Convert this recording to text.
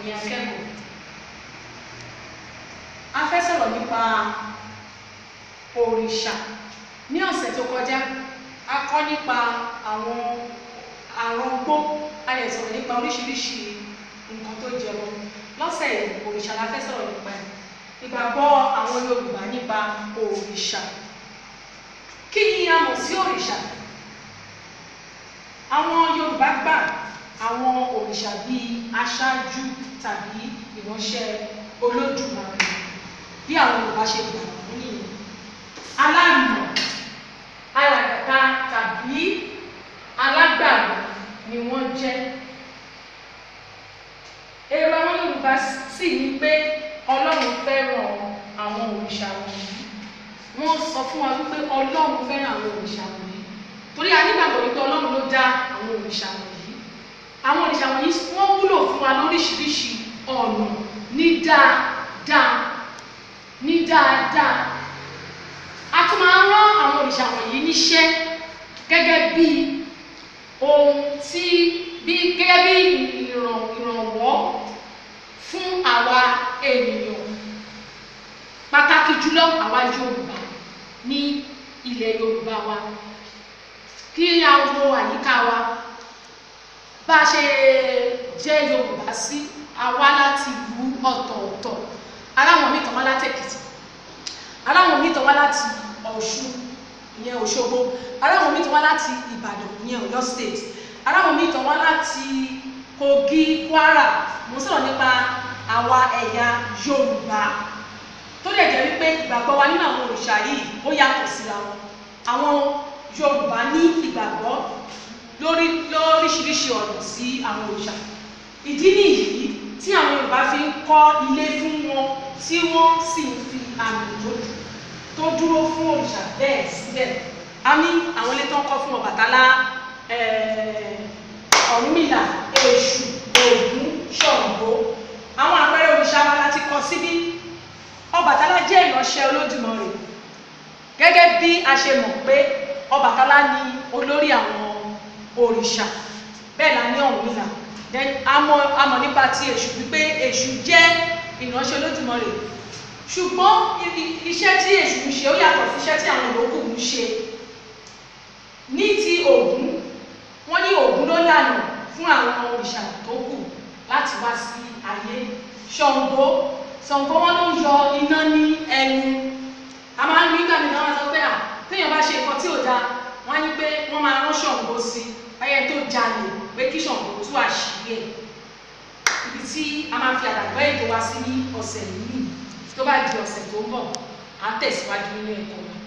èmi akẹ́kọ̀ọ́ a fẹ́ sọ̀rọ̀ nípa òrìṣà ní ọ̀sẹ̀ tó kọjá a kọ́ nípa àwọn àrùn gbó a lè sọ̀rọ̀ nípa oríṣiríṣi nǹkan tó jẹ lọ lọ́sẹ̀ yìí òrìṣà la fẹ́ sọ̀rọ̀ nípa ẹ̀ ìgbàgbọ́ àwọn Yorùbá nípa òrìṣà kí ni a mọ̀ sí òrìṣà àwọn Yorùbá gbà òrìṣà bíi aṣáájú tàbí ìránṣẹ́ olódùmarè bí àwọn Yorùbá ṣe gbà wọ́n nìyẹn aláàmọ̀ alàgbà tàbí alágbàgbà ni wọ́n jẹ́ èrò àwọn Yorùbá sì ní pé Ọlọ́run fẹ́ràn àwọn òrìṣà wọ̀nyí wọ́n sọ fún wa wípé Ọlọ́run fẹ́ràn àwọn òrìṣà wọ̀nyí torí a nígbàgbọ́ wípé Ọlọ́run ló dá àwọn òrìṣà wọ̀nyí àwọn òrìṣà wọ̀nyí wọ́n wúlò fún wa lóríṣiríṣi ọ̀nà ní dáadáa ní dáadáa a tún máa ń rán àwọn òrìṣà wọ̀nyí níṣẹ́ gẹ́gẹ́ bí ohun tí bí gẹ́gẹ́ bí ìrànwọ́ fún àwa ènìyàn pàtàkì jùlọ àwa Yorùbá ní ilẹ̀ Yorùbá wa kí a wo àyíká wa bá a ṣe jẹ́ Yorùbá sí àwa láti ìlú ọ̀tọ̀ọ̀tọ̀ aláwọn míì tán wá láti Èkìtì aláwọn míì tán wá láti Ọ̀ṣun ìyẹn Òṣogbo aláwọn míì tán wá láti Ìbàdàn ìyẹn Ọ̀yọ́ state aláwọn míì tán wá láti Kogi Kwara mo sọ̀rọ̀ nípa àwa ẹ̀yà Yorùbá tó lè jẹ́ wípé ìgbàgbọ́ wa nínú àwọn òrìṣà yìí ó yàtọ̀ oríṣiríṣi ọ̀nà sí àwọn òòṣà ìdí nìyí tí àwọn Yorùbá fi ń kọ́ ilé fún wọn tí wọ́n sì ń fi àmì tó dúró fún òòṣà bẹ́ẹ̀ síbẹ̀ a ní àwọn ilé tó ń kọ́ fún Ọbàtálá eh, Ọ̀rúnmìlà Èṣù Ògún Ṣàngó àwọn àpẹẹrẹ òrìṣà wa láti kọ síbí Ọbàtálá jẹ́ ìránṣẹ́ Olódùmarè gẹ́gẹ́ bí a ṣe mọ̀ pé Ọbàtálá ni olórí àwọn òrìṣà bẹ́ẹ̀ la ní ọ̀run nìyà then amọ̀ amọ̀ nípa ti èṣù wípé èṣù jẹ́ ìránṣẹ́ Olódùmarè ṣùgbọ́n iṣẹ́ tí èṣù ń ṣe ó yàtọ̀ sí iṣẹ́ tí àwọn ìyókù ń ṣe ní ti Ògún wọ́n ní Ògún ló lànà fún àwọn òrìṣà tó kù láti wá sí ayé Ṣàngó Ṣàngó wọn ló ń yọ iná ní ẹnu a máa ń rí gbàgbé náà wọn sọ pé à téèyàn bá ṣe nǹkan tí ò dáa wọn á ní pé wọn máa rán Ṣàngó sí ayé tó jalè pé kí Ṣàngó tú àṣírí ẹ̀ ibi tí a máa fi àdàgbọ́ ètò wa sí ní ọ̀sẹ̀ yìí tó bá di ọ̀sẹ̀ tó ń bọ̀ à ń tẹ̀síwájú nínú ẹ̀kọ́ wọn.